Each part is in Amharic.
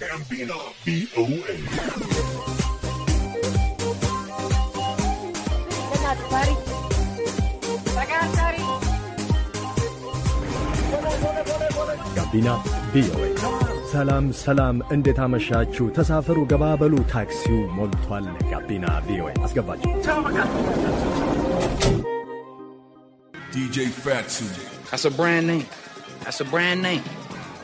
ጋቢና ቪኦኤ ጋቢና ቪኦኤ። ሰላም ሰላም፣ እንዴት አመሻችሁ? ተሳፈሩ፣ ገባበሉ፣ ታክሲው ሞልቷል። ጋቢና ቪኦኤ አስገባችሁ። DJ Fatsu. That's a brand name. That's a brand name.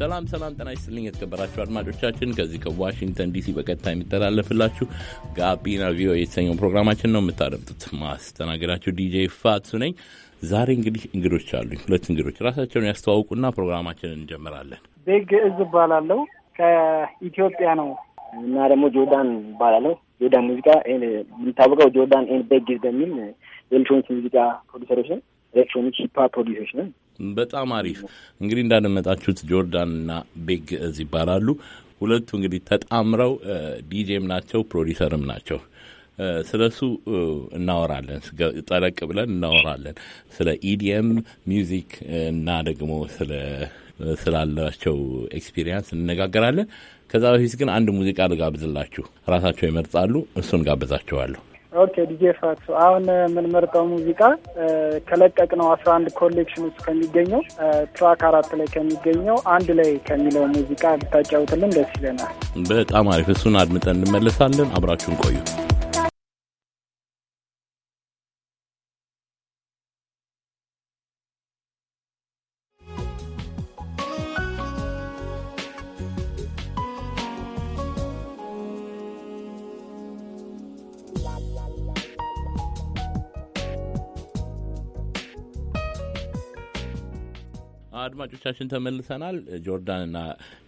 ሰላም ሰላም፣ ጤና ይስጥልኝ የተከበራችሁ አድማጮቻችን ከዚህ ከዋሽንግተን ዲሲ በቀጥታ የሚተላለፍላችሁ ጋቢና ቪኦኤ የተሰኘው ፕሮግራማችን ነው የምታደምጡት። ማስተናገዳችሁ ዲጄ ፋቱ ነኝ። ዛሬ እንግዲህ እንግዶች አሉኝ፣ ሁለት እንግዶች ራሳቸውን ያስተዋውቁና ፕሮግራማችንን እንጀምራለን። ቤግ እዝ እባላለሁ ከኢትዮጵያ ነው እና ደግሞ ጆርዳን እባላለሁ። ጆርዳን ሙዚቃ የምታወቀው ጆርዳን ቤግ በሚል የኤሌክትሮኒክስ ሙዚቃ ፕሮዲሰሮች ነው ኤሌክትሮኒክ ሂፓፕ ፕሮዲሰሮች ነን። በጣም አሪፍ እንግዲህ እንዳደመጣችሁት ና ቤግ እዝ ይባላሉ። ሁለቱ እንግዲህ ተጣምረው ዲጄም ናቸው፣ ፕሮዲሰርም ናቸው። ስለ እሱ እናወራለን፣ ጠለቅ ብለን እናወራለን። ስለ ኢዲኤም ሚውዚክ እና ደግሞ ስላላቸው ኤክስፒሪየንስ እንነጋገራለን። ከዛ በፊት ግን አንድ ሙዚቃ ልጋብዝላችሁ፣ ራሳቸው ይመርጣሉ። እሱን ጋብዛችኋለሁ። ኦኬ ዲጄ ፋቱ አሁን የምንመርጠው ሙዚቃ ከለቀቅ ነው አስራ አንድ ኮሌክሽን ውስጥ ከሚገኘው ትራክ አራት ላይ ከሚገኘው አንድ ላይ ከሚለው ሙዚቃ ብታጫውትልን ደስ ይለናል። በጣም አሪፍ። እሱን አድምጠን እንመለሳለን። አብራችሁን ቆዩ። አድማጮቻችን ተመልሰናል። ጆርዳንና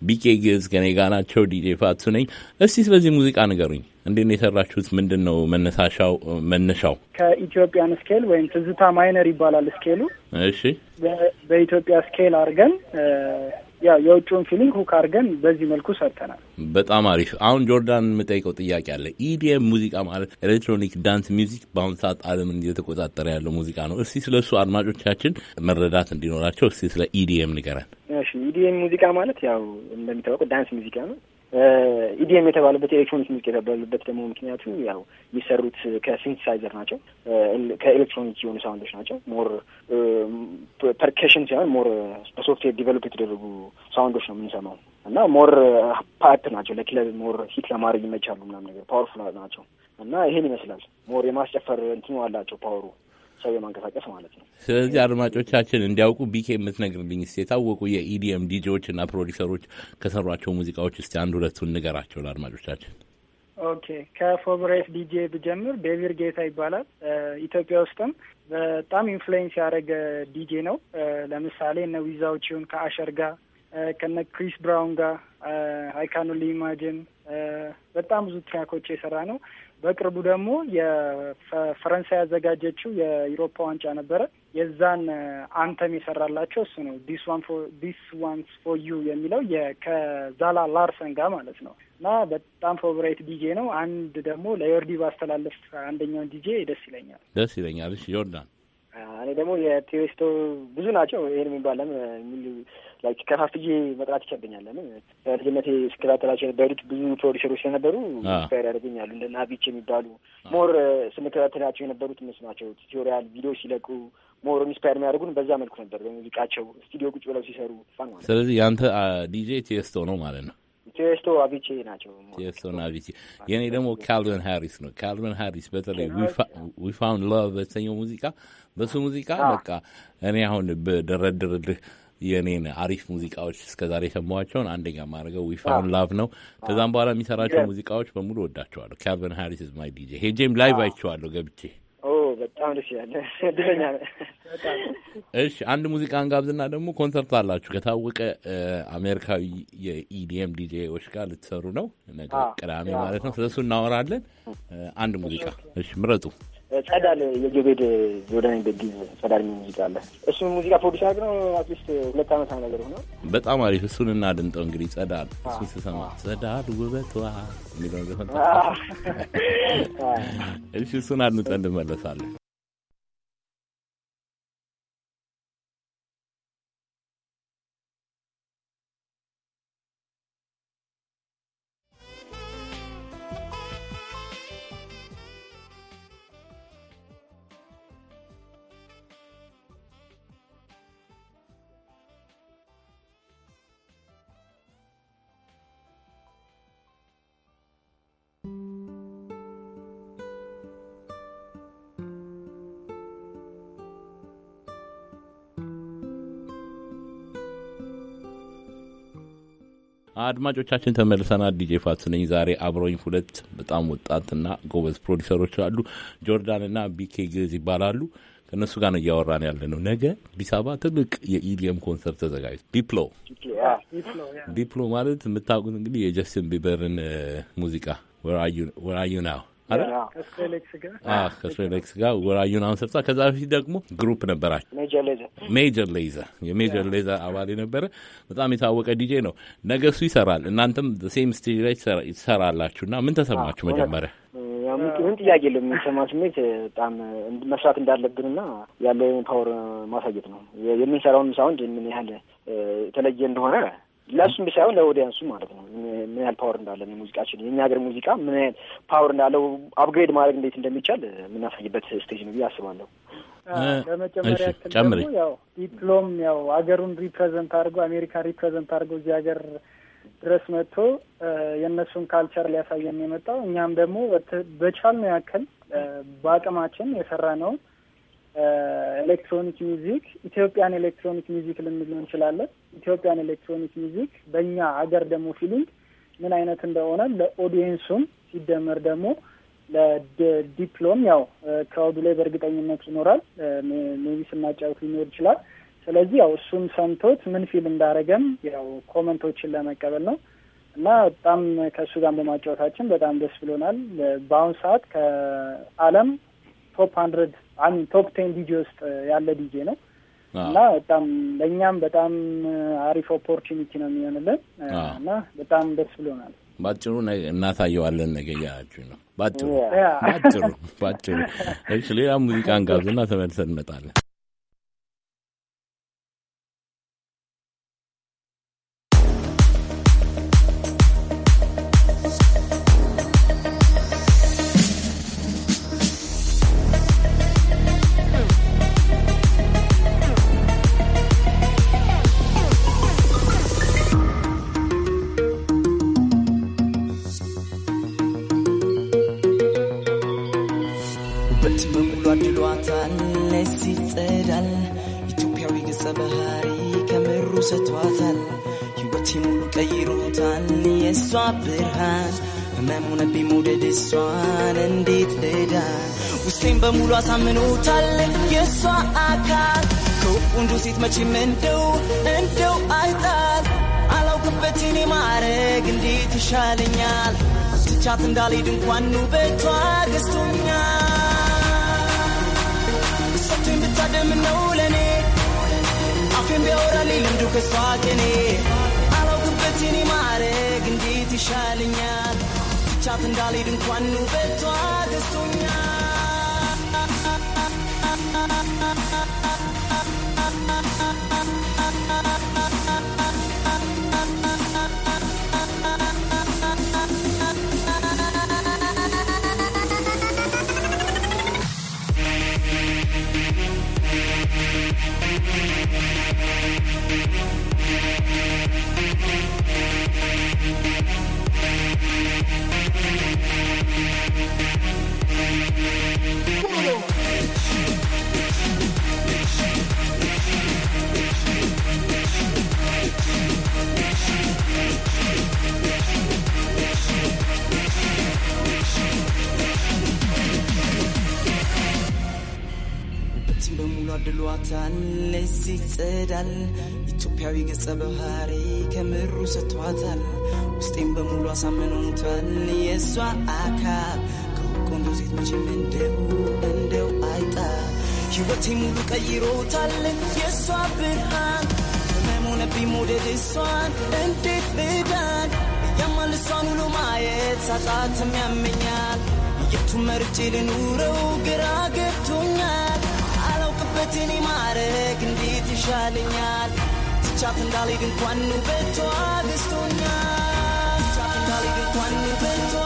ቢቄ ግዝ ከኔ ጋ ናቸው። ዲጄ ፋቱ ነኝ። እስቲ ስለዚህ ሙዚቃ ንገሩኝ። እንዴት ነው የሰራችሁት? ምንድን ነው መነሳሻው? መነሻው ከኢትዮጵያን ስኬል ወይም ትዝታ ማይነር ይባላል ስኬሉ። እሺ፣ በኢትዮጵያ ስኬል አድርገን ያው የውጭውን ፊሊንግ ሁክ አድርገን በዚህ መልኩ ሰርተናል። በጣም አሪፍ። አሁን ጆርዳን የምጠይቀው ጥያቄ አለ። ኢዲኤም e ሙዚቃ ማለት ኤሌክትሮኒክ ዳንስ ሚውዚክ በአሁኑ ሰዓት ዓለምን እየተቆጣጠረ ያለው ሙዚቃ ነው። እስቲ ስለ እሱ አድማጮቻችን መረዳት እንዲኖራቸው እስቲ ስለ ኢዲኤም e ንገረን። ኢዲኤም e ሙዚቃ ማለት ያው እንደሚታወቀው ዳንስ ሙዚቃ ነው። ኢዲኤም የተባለበት ኤሌክትሮኒክ ሙዚቃ የተባለበት ደግሞ ምክንያቱ ያው የሚሰሩት ከሲንቲሳይዘር ናቸው፣ ከኤሌክትሮኒክ የሆኑ ሳውንዶች ናቸው። ሞር ፐርኬሽን ሳይሆን ሞር በሶፍትዌር ዲቨሎፕ የተደረጉ ሳውንዶች ነው የምንሰማው እና ሞር ፓት ናቸው። ለክለብ ሞር ሂት ለማድረግ ይመቻሉ ምናምን ነገር ፓወርፉል ናቸው እና ይሄን ይመስላል። ሞር የማስጨፈር እንትኑ አላቸው ፓወሩ ሰው የማንቀሳቀስ ማለት ነው። ስለዚህ አድማጮቻችን እንዲያውቁ ቢኬ የምትነግርልኝ እስኪ የታወቁ የኢዲኤም ዲጄዎች እና ፕሮዲሰሮች ከሰሯቸው ሙዚቃዎች እስቲ አንድ ሁለቱን ንገራቸው ለአድማጮቻችን። ኦኬ ከፎብሬት ዲጄ ብጀምር ቤቪር ጌታ ይባላል። ኢትዮጵያ ውስጥም በጣም ኢንፍሉዌንስ ያደረገ ዲጄ ነው። ለምሳሌ እነ ዊዛዎችን ከአሸር ጋር ከነ ክሪስ ብራውን ጋር አይካኑ ሊማጅን በጣም ብዙ ትራኮች የሰራ ነው። በቅርቡ ደግሞ የፈረንሳይ ያዘጋጀችው የኢሮፓ ዋንጫ ነበረ። የዛን አንተም የሰራላቸው እሱ ነው። ዲስ ዋንስ ፎ ዩ የሚለው ከዛላ ላርሰን ጋር ማለት ነው። እና በጣም ፌቨራይት ዲጄ ነው። አንድ ደግሞ ለዮርዲ ባስተላለፍ አንደኛውን ዲጄ ደስ ይለኛል፣ ደስ ይለኛል። ዮርዳን እኔ ደግሞ የቴዎስቶ ብዙ ናቸው። ይሄን የሚባል ለምን ላይክ ከፋፍዬ መጥራት ይከብደኛል። ለምን በልጅነቴ ስከታተላቸው የነበሩት ብዙ ፕሮዲሰሮች ስለነበሩ ስፓር ያደርገኛሉ። እንደ ናቪች የሚባሉ ሞር ስንከታተላቸው የነበሩት እነሱ ናቸው። ቲዩቶሪያል ቪዲዮ ሲለቁ ሞር ኢንስፓየር የሚያደርጉን በዛ መልኩ ነበር፣ በሙዚቃቸው ስቱዲዮ ቁጭ ብለው ሲሰሩ። ስለዚህ ያንተ ዲጄ ቴስቶ ነው ማለት ነው? ቴስቶ አቪቼ ናቸው። ቲኤስቶና አቪቼ የእኔ ደግሞ ካልቨን ሃሪስ ነው። ካልቨን ሃሪስ በተለይ ዊ ፋውንድ ላቭ በተሰኘው ሙዚቃ በሱ ሙዚቃ በቃ እኔ አሁን በደረድርልህ የእኔን አሪፍ ሙዚቃዎች እስከዛሬ የሰማኋቸውን አንደኛ ማድረገው ዊ ላቭ ነው። ከዛም በኋላ የሚሰራቸው ሙዚቃዎች በሙሉ ወዳቸዋለሁ። ካልቨን ሃሪስ ማይ ዲጄ ሄጄም ላይቭ አይቼዋለሁ ገብቼ በጣም ደስ ይላል። እድለኛ እሺ፣ አንድ ሙዚቃ እንጋብዝና ደግሞ ኮንሰርት አላችሁ ከታወቀ አሜሪካዊ የኢዲኤም ዲጄዎች ጋር ልትሰሩ ነው ነገ ቅዳሜ ማለት ነው። ስለሱ እናወራለን። አንድ ሙዚቃ እሺ ምረጡ። ጸዳል የጆቤድ ጆዳን በጊዝ ጸዳል ሙዚቃ አለ። እሱ ሙዚቃ ፕሮዲስ ያግ ነው። አትሊስት ሁለት ዓመት ነገር ሆነ። በጣም አሪፍ። እሱን እናድምጠው እንግዲህ። ጸዳል እሱ ስሰማ ጸዳል ውበቷ የሚለውን ዘፈን እሺ፣ እሱን አድምጠን እንመለሳለን። አድማጮቻችን ተመልሰናል። ዲጄ ፋት ነኝ። ዛሬ አብረኝ ሁለት በጣም ወጣትና ጎበዝ ፕሮዲሰሮች አሉ። ጆርዳንና ቢኬ ግዝ ይባላሉ። ከእነሱ ጋር ነው እያወራን ያለ ነው። ነገ አዲስ አበባ ትልቅ የኢዲኤም ኮንሰርት ተዘጋጅ ዲፕሎ ዲፕሎ ማለት የምታውቁት እንግዲህ የጀስትን ቢበርን ሙዚቃ ወራዩ ናው ከፌሌክስ ጋር ወራዩን አሁን ሰብሳ ከዛ በፊት ደግሞ ግሩፕ ነበራቸው። ሜጀር ሌዘ የሜጀር ሌዘ አባል የነበረ በጣም የታወቀ ዲጄ ነው። ነገ እሱ ይሰራል፣ እናንተም ሴም ስቴጅ ላይ ትሰራላችሁ እና ምን ተሰማችሁ መጀመሪያ? ምን ጥያቄ የለም። የሚሰማ ስሜት በጣም መስራት እንዳለብንና ያለውን ፓወር ማሳየት ነው። የምንሰራውን ሳውንድ ምን ያህል የተለየ እንደሆነ ለእሱም ሳይሆን ለኦዲየንሱ ማለት ነው። ምን ያህል ፓወር እንዳለን ሙዚቃችን፣ የኛ ሀገር ሙዚቃ ምን ያህል ፓወር እንዳለው አፕግሬድ ማድረግ እንዴት እንደሚቻል የምናሳይበት ስቴጅ ነው ብዬ አስባለሁ። ለመጀመሪያ ያው ዲፕሎም ያው ሀገሩን ሪፕሬዘንት አድርጎ አሜሪካ ሪፕሬዘንት አድርጎ እዚህ ሀገር ድረስ መጥቶ የእነሱን ካልቸር ሊያሳየን የመጣው እኛም ደግሞ በቻልነው ያክል በአቅማችን የሰራ ነው ኤሌክትሮኒክ ሚዚክ ኢትዮጵያን ኤሌክትሮኒክ ሚዚክ ልንለው እንችላለን። ኢትዮጵያን ኤሌክትሮኒክ ሚዚክ በእኛ ሀገር ደግሞ ፊሊንግ ምን አይነት እንደሆነ ለኦዲየንሱም ሲደመር ደግሞ ለዲፕሎም ያው ክራውዱ ላይ በእርግጠኝነት ይኖራል። ሜቢ ስናጫውት ሊኖር ይችላል። ስለዚህ ያው እሱም ሰምቶት ምን ፊል እንዳደረገም ያው ኮመንቶችን ለመቀበል ነው እና በጣም ከእሱ ጋር በማጫወታችን በጣም ደስ ብሎናል። በአሁኑ ሰዓት ከዓለም ቶፕ ሀንድረድ አን ቶፕ ቴን ዲጂ ውስጥ ያለ ዲጄ ነው እና በጣም ለእኛም በጣም አሪፍ ኦፖርቹኒቲ ነው የሚሆንልን እና በጣም ደስ ብሎናል። ባጭሩ እናሳየዋለን ነገ እያያችሁ ነው። ባጭሩ ባጭሩ ባጭሩ። ሌላ ሙዚቃ እንጋብዝና ተመልሰን እንመጣለን። ህመም ሆነብኝ መውደድ እሷን እንዴት ልዳን? ውስጤን በሙሉ አሳምኖታል የእሷ አካል ከወንዱ ሴት መቼም እንደው እንደው አይጣል አላውቅበት እኔ ማረግ እንዴት ይሻለኛል? ትቻት እንዳልሄድ እንኳን ውበቷ ገዝቶኛል። ሰጥቶኝ ብታደምነው ለእኔ አፌን ቢያወራልኝ ልምዱ ከሷ ከኔ ይሻልኛል ትቻት እንዳልሄድ እንኳን ውበቷ ገዝቶኛል። We'll be right back. እንደዚህ ይጸዳል። ኢትዮጵያዊ ገጸ ባህሪ ከምሩ ሰጥቷታል። ውስጤም በሙሉ አሳምኖቷል። የእሷ አካል ከቆንጆ ሴት መቼም እንደው እንደው አይጣ ሕይወቴ ሙሉ ቀይሮታል። የእሷ ብርሃን መሞነብኝ ሞደድ እሷን እንዴት ብዳን ያማል እሷን ውሎ ማየት ሳጣትም ያመኛል። የቱን መርጬ ልኑረው ግራ ገብቶኛል። አላውቅበትን ማረግ እንዲ ይሻለኛል ትቻት እንዳልሄድ እንኳን ውበቷ ገዝቶኛል ትቻት እንዳልሄድ እንኳን ውበቷ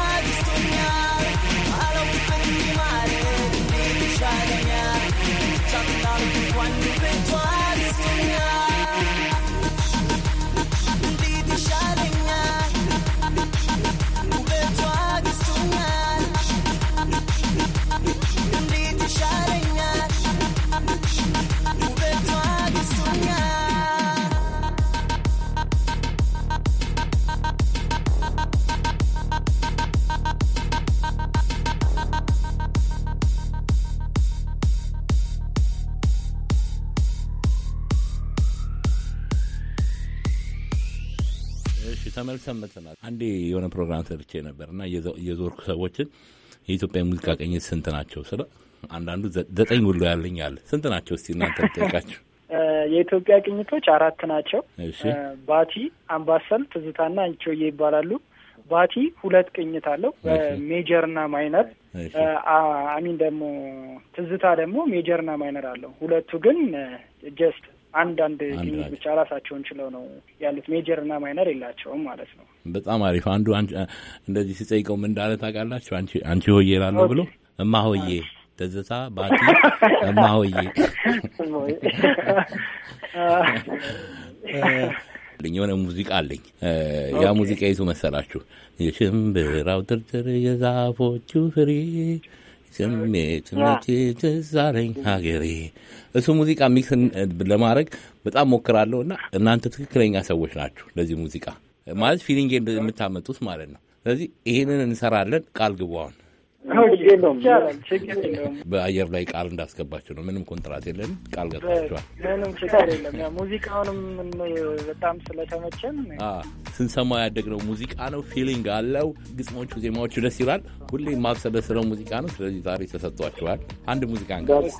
ሰምተናል። አንዴ የሆነ ፕሮግራም ሰርቼ ነበር እና የዞርኩ ሰዎችን የኢትዮጵያ ሙዚቃ ቀኝት ስንት ናቸው ስለ አንዳንዱ ዘጠኝ ሁሉ ያለኝ አለ። ስንት ናቸው እስቲ እናንተ ጠይቃቸው። የኢትዮጵያ ቅኝቶች አራት ናቸው። ባቲ፣ አምባሰል፣ ትዝታና አንቺሆዬ ይባላሉ። ባቲ ሁለት ቅኝት አለው ሜጀርና ማይነር አሚን ደግሞ ትዝታ ደግሞ ሜጀርና ማይነር አለው። ሁለቱ ግን ጀስት አንዳንድ ግኝት ብቻ ራሳቸውን ችለው ነው ያሉት። ሜጀር እና ማይነር የላቸውም ማለት ነው። በጣም አሪፍ። አንዱ እንደዚህ ሲጠይቀው ምን እንዳለ ታውቃላችሁ? አንቺ ሆዬ እላለሁ ብሎ እማ ሆዬ ትዝታ ባቲ እማ ሆዬ የሆነ ሙዚቃ አለኝ። ያ ሙዚቃ ይቱ መሰላችሁ የሽምብራው ትርትር የዛፎቹ ፍሬ ስሜት ነቲት ዛረኝ ሀገሬ። እሱ ሙዚቃ ሚክስ ለማድረግ በጣም ሞክራለሁ እና እናንተ ትክክለኛ ሰዎች ናችሁ ለዚህ ሙዚቃ ማለት ፊሊንግ የምታመጡት ማለት ነው። ስለዚህ ይህንን እንሰራለን፣ ቃል ግቡ አሁን በአየር ላይ ቃል እንዳስገባቸው ነው። ምንም ኮንትራት የለን ቃል ገባቸዋል። ምንም ችግር የለም። ሙዚቃውንም በጣም ስለተመቸን ስንሰማ ያደግነው ሙዚቃ ነው። ፊሊንግ አለው። ግጥሞቹ፣ ዜማዎቹ ደስ ይላል። ሁሌ ማብሰለስለው ሙዚቃ ነው። ስለዚህ ዛሬ ተሰጥቷቸዋል። አንድ ሙዚቃ እንጋብስ።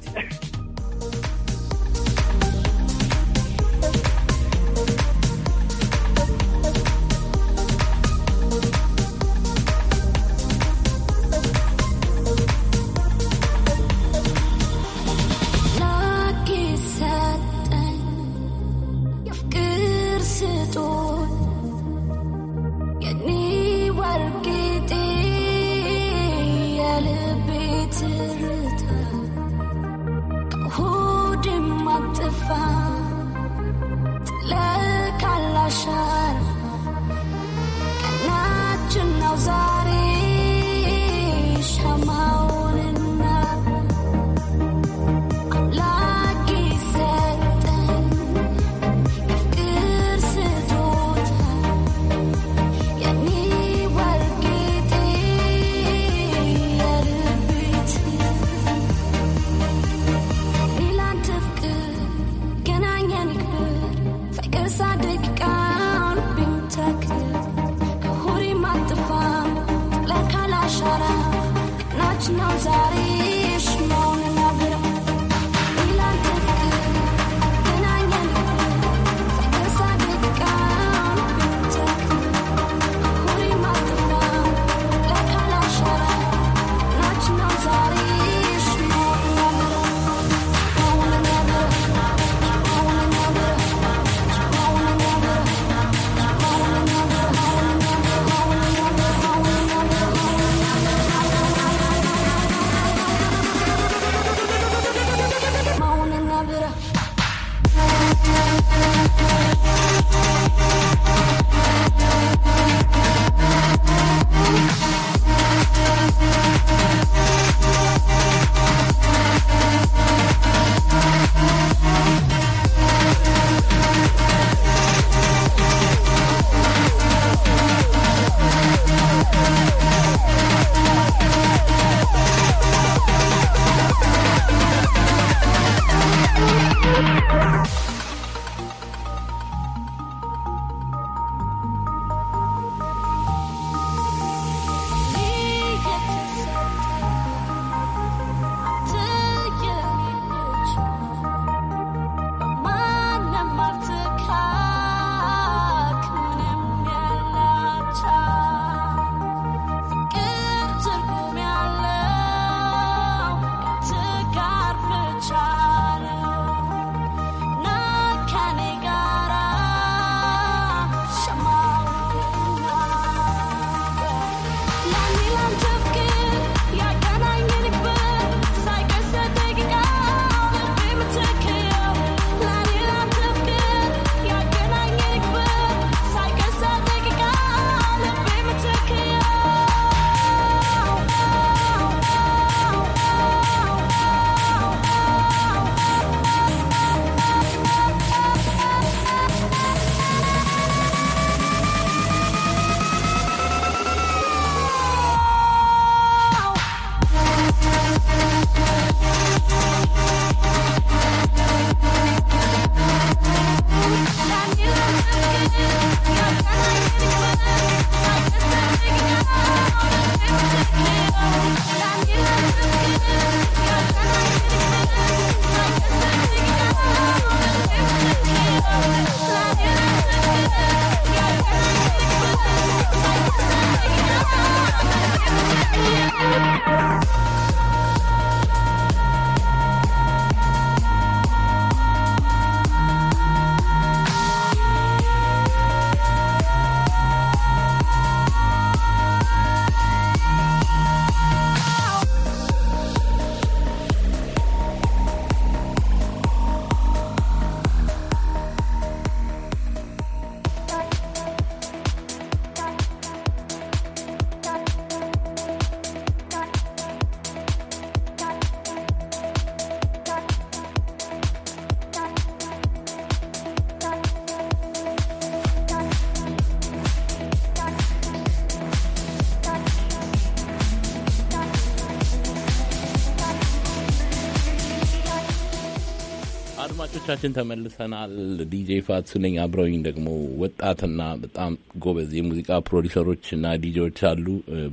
አድማጮቻችን ተመልሰናል። ዲጄ ፋትሱ ነኝ። አብረውኝ ደግሞ ወጣትና በጣም ጎበዝ የሙዚቃ ፕሮዲሰሮች እና ዲጄዎች አሉ።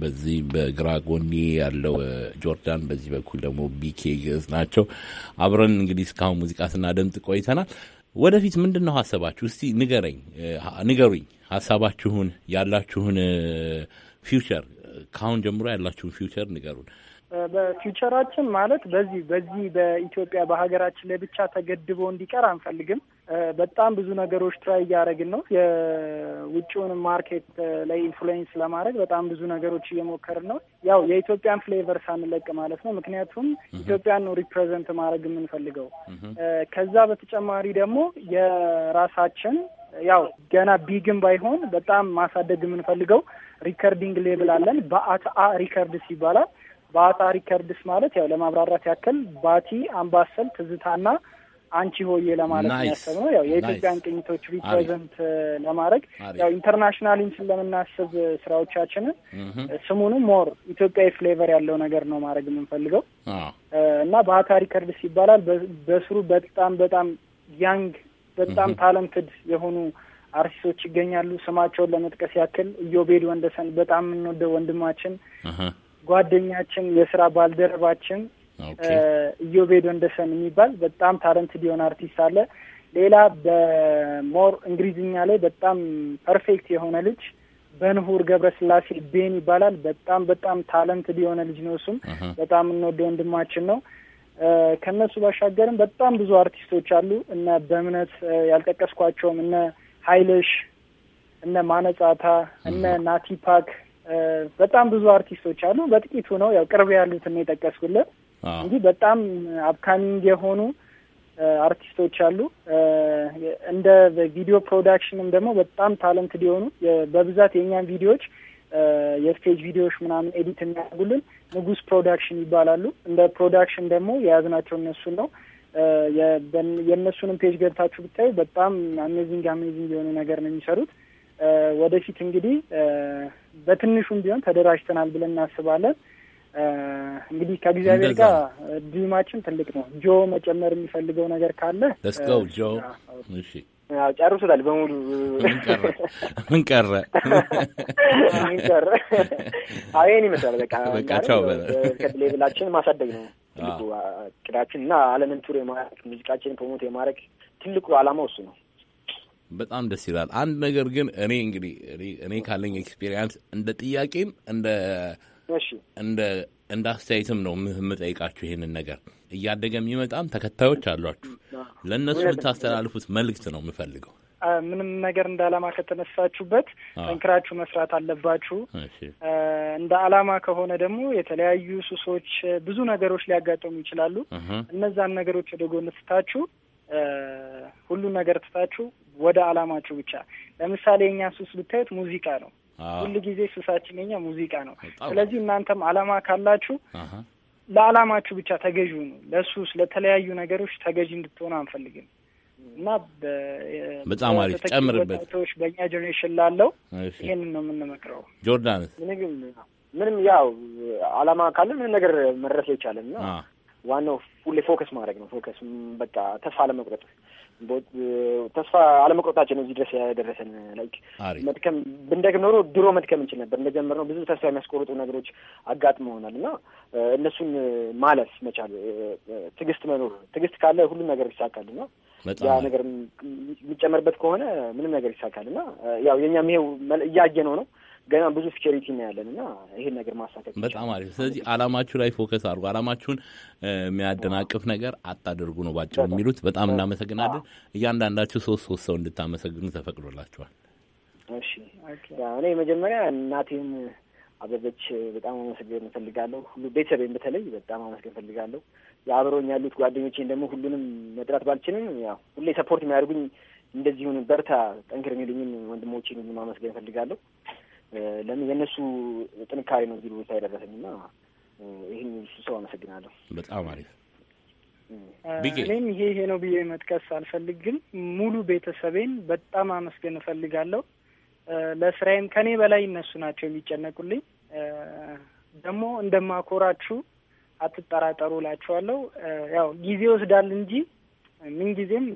በዚህ በግራ ጎኔ ያለው ጆርዳን፣ በዚህ በኩል ደግሞ ቢኬ ግዕዝ ናቸው። አብረን እንግዲህ እስካሁን ሙዚቃ ስናደምጥ ቆይተናል። ወደፊት ምንድን ነው ሀሳባችሁ? እስቲ ንገረኝ፣ ንገሩኝ ሀሳባችሁን፣ ያላችሁን ፊውቸር፣ ካሁን ጀምሮ ያላችሁን ፊውቸር ንገሩን። በፊውቸራችን ማለት በዚህ በዚህ በኢትዮጵያ በሀገራችን ላይ ብቻ ተገድቦ እንዲቀር አንፈልግም። በጣም ብዙ ነገሮች ትራይ እያደረግን ነው። የውጭውን ማርኬት ላይ ኢንፍሉዌንስ ለማድረግ በጣም ብዙ ነገሮች እየሞከርን ነው። ያው የኢትዮጵያን ፍሌቨር ሳንለቅ ማለት ነው። ምክንያቱም ኢትዮጵያን ነው ሪፕሬዘንት ማድረግ የምንፈልገው። ከዛ በተጨማሪ ደግሞ የራሳችን ያው ገና ቢግም ባይሆን በጣም ማሳደግ የምንፈልገው ሪከርዲንግ ሌብል አለን። በአትአ ሪከርድስ ይባላል ባታ ሪከርድስ ማለት ያው ለማብራራት ያክል ባቲ፣ አምባሰል፣ ትዝታና አንቺ ሆዬ ለማለት የሚያሰብ ነው። ያው የኢትዮጵያን ቅኝቶች ሪፕሬዘንት ለማድረግ ያው ኢንተርናሽናሊን ስለምናስብ ስራዎቻችንን ስሙንም ሞር ኢትዮጵያዊ ፍሌቨር ያለው ነገር ነው ማድረግ የምንፈልገው እና ባታ ሪከርድስ ይባላል። በስሩ በጣም በጣም ያንግ በጣም ታለንትድ የሆኑ አርቲስቶች ይገኛሉ። ስማቸውን ለመጥቀስ ያክል ኢዮቤድ ወንደሰን በጣም የምንወደው ወንድማችን ጓደኛችን የስራ ባልደረባችን ኢዮቤዶ እንደሰን የሚባል በጣም ታለንትድ የሆነ አርቲስት አለ። ሌላ በሞር እንግሊዝኛ ላይ በጣም ፐርፌክት የሆነ ልጅ በንሁር ገብረስላሴ ቤን ይባላል። በጣም በጣም ታለንትድ የሆነ ልጅ ነው። እሱም በጣም እንወደ ወንድማችን ነው። ከእነሱ ባሻገርም በጣም ብዙ አርቲስቶች አሉ። እነ በእምነት ያልጠቀስኳቸውም እነ ሀይለሽ፣ እነ ማነጻታ፣ እነ ናቲ ፓክ በጣም ብዙ አርቲስቶች አሉ። በጥቂቱ ነው ያው ቅርብ ነው የጠቀስኩልን እንጂ በጣም አፕካሚንግ የሆኑ አርቲስቶች አሉ። እንደ ቪዲዮ ፕሮዳክሽንም ደግሞ በጣም ታለንትድ የሆኑ በብዛት የእኛን ቪዲዮዎች የስቴጅ ቪዲዮዎች ምናምን ኤዲት የሚያደርጉልን ንጉስ ፕሮዳክሽን ይባላሉ። እንደ ፕሮዳክሽን ደግሞ የያዝናቸው እነሱን ነው። የእነሱንም ፔጅ ገብታችሁ ብታዩ በጣም አሜዚንግ አሜዚንግ የሆነ ነገር ነው የሚሰሩት። ወደፊት እንግዲህ በትንሹም ቢሆን ተደራጅተናል ብለን እናስባለን። እንግዲህ ከእግዚአብሔር ጋር ድማችን ትልቅ ነው። ጆ መጨመር የሚፈልገው ነገር ካለ ስው ጆ እሺ ጨርሱታል በሙሉ ምን ቀረ ምን ቀረ? ይህን ይመስላል። በቃ ሌብላችን ማሳደግ ነው ትልቁ ቅዳችን እና ዓለምን ቱር የማድረግ ሙዚቃችን ፕሮሞት የማድረግ ትልቁ ዓላማ እሱ ነው። በጣም ደስ ይላል። አንድ ነገር ግን እኔ እንግዲህ እኔ ካለኝ ኤክስፔሪንስ እንደ ጥያቄም እንደ እንደ እንደ አስተያየትም ነው የምጠይቃችሁ። ይህንን ነገር እያደገ የሚመጣም ተከታዮች አሏችሁ፣ ለእነሱ የምታስተላልፉት መልእክት ነው የምፈልገው። ምንም ነገር እንደ አላማ ከተነሳችሁበት ጠንክራችሁ መስራት አለባችሁ። እንደ አላማ ከሆነ ደግሞ የተለያዩ ሱሶች፣ ብዙ ነገሮች ሊያጋጥሙ ይችላሉ። እነዛን ነገሮች ወደ ጎን ትታችሁ ሁሉን ነገር ትታችሁ ወደ አላማችሁ ብቻ። ለምሳሌ እኛ ሱስ ብታዩት ሙዚቃ ነው። ሁሉ ጊዜ ሱሳችን የኛ ሙዚቃ ነው። ስለዚህ እናንተም አላማ ካላችሁ ለአላማችሁ ብቻ ተገዥ ሁኑ። ለሱስ ለተለያዩ ነገሮች ተገዥ እንድትሆኑ አንፈልግም እና በጣም አሪፍ ጨምርበት። በእኛ ጀኔሬሽን ላለው ይህን ነው የምንመክረው። ጆርዳን ምንም ያው አላማ ካለ ምንም ነገር መድረስ አይቻልም እና ዋናው ሁሌ ፎከስ ማድረግ ነው። ፎከስ በቃ ተስፋ አለመቁረጥ፣ ተስፋ አለመቁረጣችን እዚህ ድረስ ያደረሰን። ላይክ መድከም ብንደግም ኖሮ ድሮ መድከም እንችል ነበር። እንደጀመርነው ብዙ ተስፋ የሚያስቆርጡ ነገሮች አጋጥመውናል እና እነሱን ማለፍ መቻል፣ ትዕግስት መኖር፣ ትዕግስት ካለ ሁሉም ነገር ይሳካል እና ያ ነገር የሚጨመርበት ከሆነ ምንም ነገር ይሳካል እና ያው የእኛም ይሄው እያየ ነው ነው ገና ብዙ ፊቸሪቲ ነው ያለን እና ይህን ነገር ማሳካት በጣም አሪፍ። ስለዚህ አላማችሁ ላይ ፎከስ አድርጉ። አላማችሁን የሚያደናቅፍ ነገር አታደርጉ ነው ባጭሩ የሚሉት። በጣም እናመሰግናለን። እያንዳንዳችሁ ሶስት ሶስት ሰው እንድታመሰግኑ ተፈቅዶላችኋል። እሺ፣ እኔ መጀመሪያ እናቴን አበበች በጣም አመሰግን እንፈልጋለሁ። ሁሉ ቤተሰብን በተለይ በጣም አመስገን እንፈልጋለሁ። የአብረኝ ያሉት ጓደኞቼን ደግሞ ሁሉንም መጥራት ባልችልም ያው ሁሌ ሰፖርት የሚያደርጉኝ እንደዚሁን በርታ፣ ጠንክር የሚሉኝን ወንድሞቼን ሁሉ ማመስገን እንፈልጋለሁ። ለምን የእነሱ ጥንካሬ ነው እዚህ ቦታ የደረሰኝ እና ይህን ሱ ሰው አመሰግናለሁ። በጣም አሪፍ። እኔም ይሄ ይሄ ነው ብዬ መጥቀስ አልፈልግም። ሙሉ ቤተሰቤን በጣም አመስገን እፈልጋለሁ። ለስራዬም ከኔ በላይ እነሱ ናቸው የሚጨነቁልኝ። ደግሞ እንደማኮራችሁ አትጠራጠሩ እላችኋለሁ። ያው ጊዜ ይወስዳል እንጂ ምንጊዜም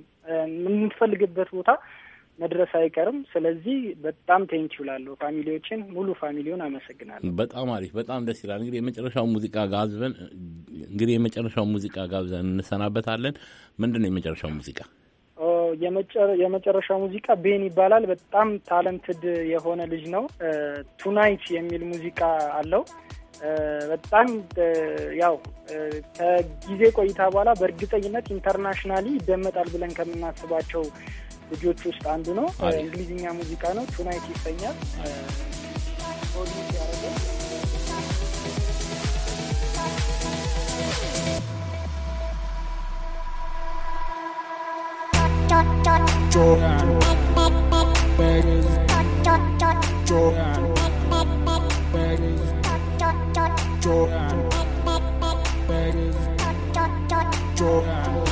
የምትፈልግበት ቦታ መድረስ አይቀርም። ስለዚህ በጣም ቴንኪ ላለሁ ፋሚሊዎችን ሙሉ ፋሚሊውን አመሰግናለሁ። በጣም አሪፍ፣ በጣም ደስ ይላል። እንግዲህ የመጨረሻው ሙዚቃ ጋብዘን እንግዲህ የመጨረሻው ሙዚቃ ጋብዘን እንሰናበታለን። ምንድን ነው የመጨረሻው ሙዚቃ? የመጨረሻው ሙዚቃ ቤን ይባላል። በጣም ታለንትድ የሆነ ልጅ ነው። ቱናይት የሚል ሙዚቃ አለው። በጣም ያው ከጊዜ ቆይታ በኋላ በእርግጠኝነት ኢንተርናሽናሊ ይደመጣል ብለን ከምናስባቸው ልጆች ውስጥ አንዱ ነው። እንግሊዝኛ ሙዚቃ ነው። ቱናይት ይሰኛል። Jordan.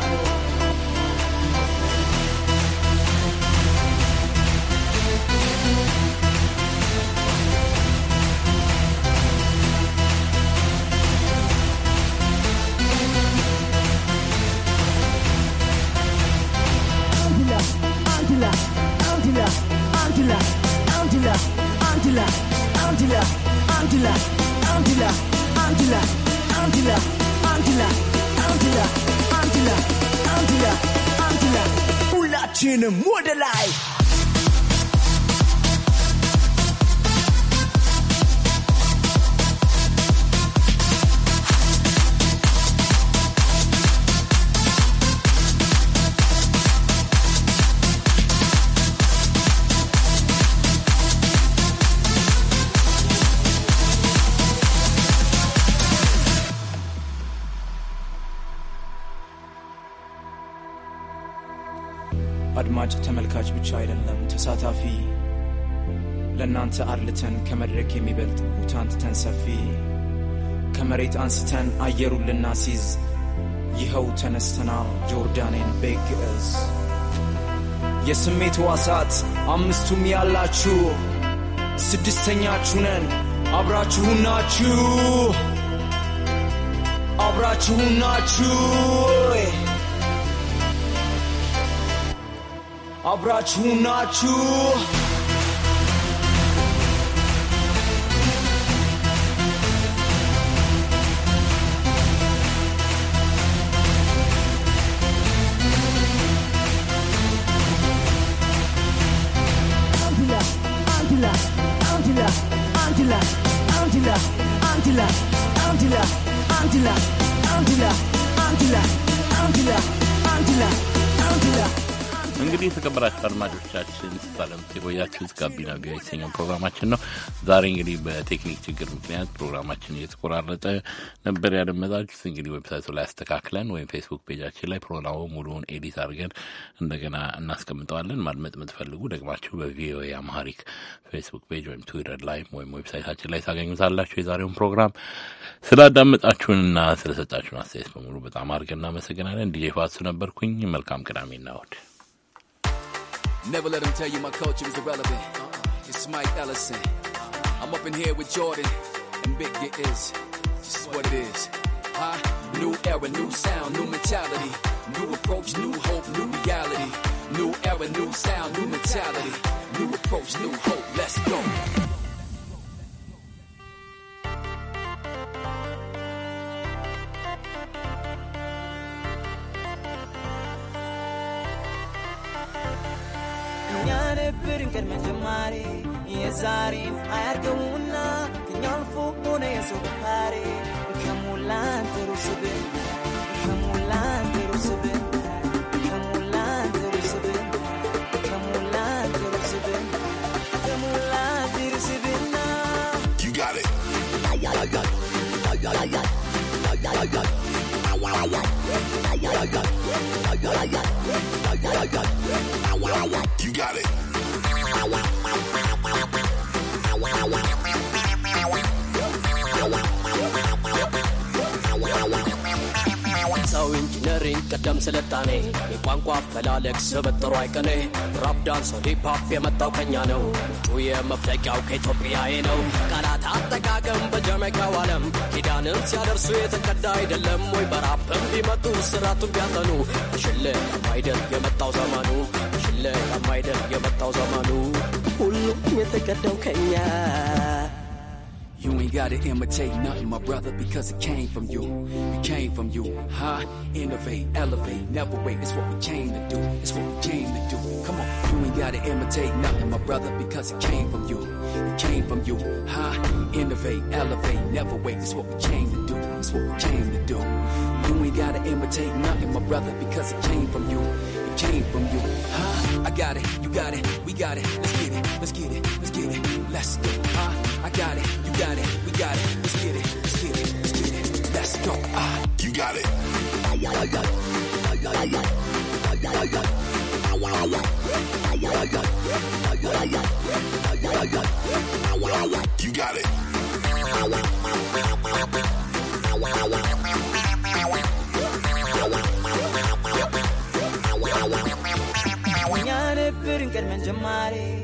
In the more to life. ጥይት አንስተን አየሩን ሲዝ ይኸው ተነስተና ጆርዳኔን በግዕዝ የስሜት ዋሳት አምስቱም ያላችሁ ስድስተኛችሁ ነን አብራችሁናችሁ አብራችሁናችሁ ናችሁ love. እንግዲህ የተከበራችሁ አድማጮቻችን ስታለም የቆያችሁት ጋቢና ቢያ የተሰኘው ፕሮግራማችን ነው። ዛሬ እንግዲህ በቴክኒክ ችግር ምክንያት ፕሮግራማችን እየተቆራረጠ ነበር ያደመጣችሁት። እንግዲህ ዌብሳይቱ ላይ አስተካክለን ወይም ፌስቡክ ፔጃችን ላይ ፕሮግራሙ ሙሉውን ኤዲት አድርገን እንደገና እናስቀምጠዋለን። ማድመጥ የምትፈልጉ ደግማችሁ በቪኦኤ አማሪክ ፌስቡክ ፔጅ ወይም ትዊተር ላይ ወይም ዌብሳይታችን ላይ ታገኙታላችሁ። የዛሬውን ፕሮግራም ስላዳመጣችሁንና ስለሰጣችሁን አስተያየት በሙሉ በጣም አድርገን እናመሰግናለን። ዲጄ ፋሱ ነበርኩኝ። መልካም ቅዳሜ እናወድ Never let them tell you my culture is irrelevant. It's Mike Ellison. I'm up in here with Jordan, and Big Get is. This is what it is. Huh? New era, new sound, new mentality. New approach, new hope, new reality. New era, new sound, new mentality. New approach, new hope. Let's go. You got it. I got it. You got it. ቀደም ስልጣኔ የቋንቋ አፈላለግ ስብጥሩ አይቀኔ ራፕ ዳንስ ሂፕሆፕ የመጣው ከኛ ነው ጩ የመፍለቂያው ከኢትዮጵያዬ ነው ቃላት አጠቃቀም በጀመካው ዓለም ኪዳንም ሲያደርሱ የተቀዳ አይደለም ወይ በራፕም ቢመጡ ስራቱን ቢያጠኑ ሽል ማይደል የመጣው ዘመኑ ሽል ማይደል የመጣው ዘመኑ ሁሉም የተቀዳው ከኛ You ain't gotta imitate nothing, my brother, because it came from you. It came from you, huh? Innovate, elevate, never wait. It's what we came to do. It's what we came to do. Come on, you ain't gotta imitate nothing, my brother, because it came from you. It came from you, huh? Innovate, elevate, never wait. It's what we came to do. It's what we came to do. You ain't gotta imitate nothing, my brother, because it came from you. It came from you, huh? I got it, you got it, we got it. Let's get it, let's get it, let's get it, let's go, huh? I got it, you got it, we got it. Let's get it, let's get it, let's get it. Let's go. Ah, you got it. You got it. يا رب رنكر من جمالي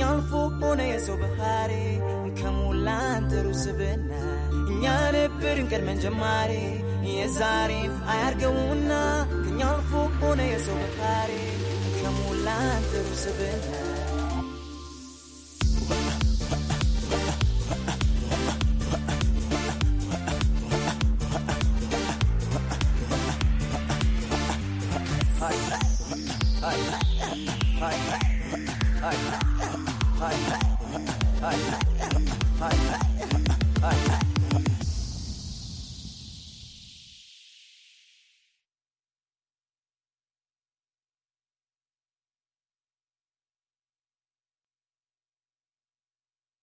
እኛን ፎቆነ የሰው ባህሪ ከሞላን ጥሩ ስብና እኛ ነበር ቀድመን ጀማሪ የዛሬፍ አያርገውና እኛን ፎቆነ የሰው ባህሪ ከሞላን ጥሩ ስብና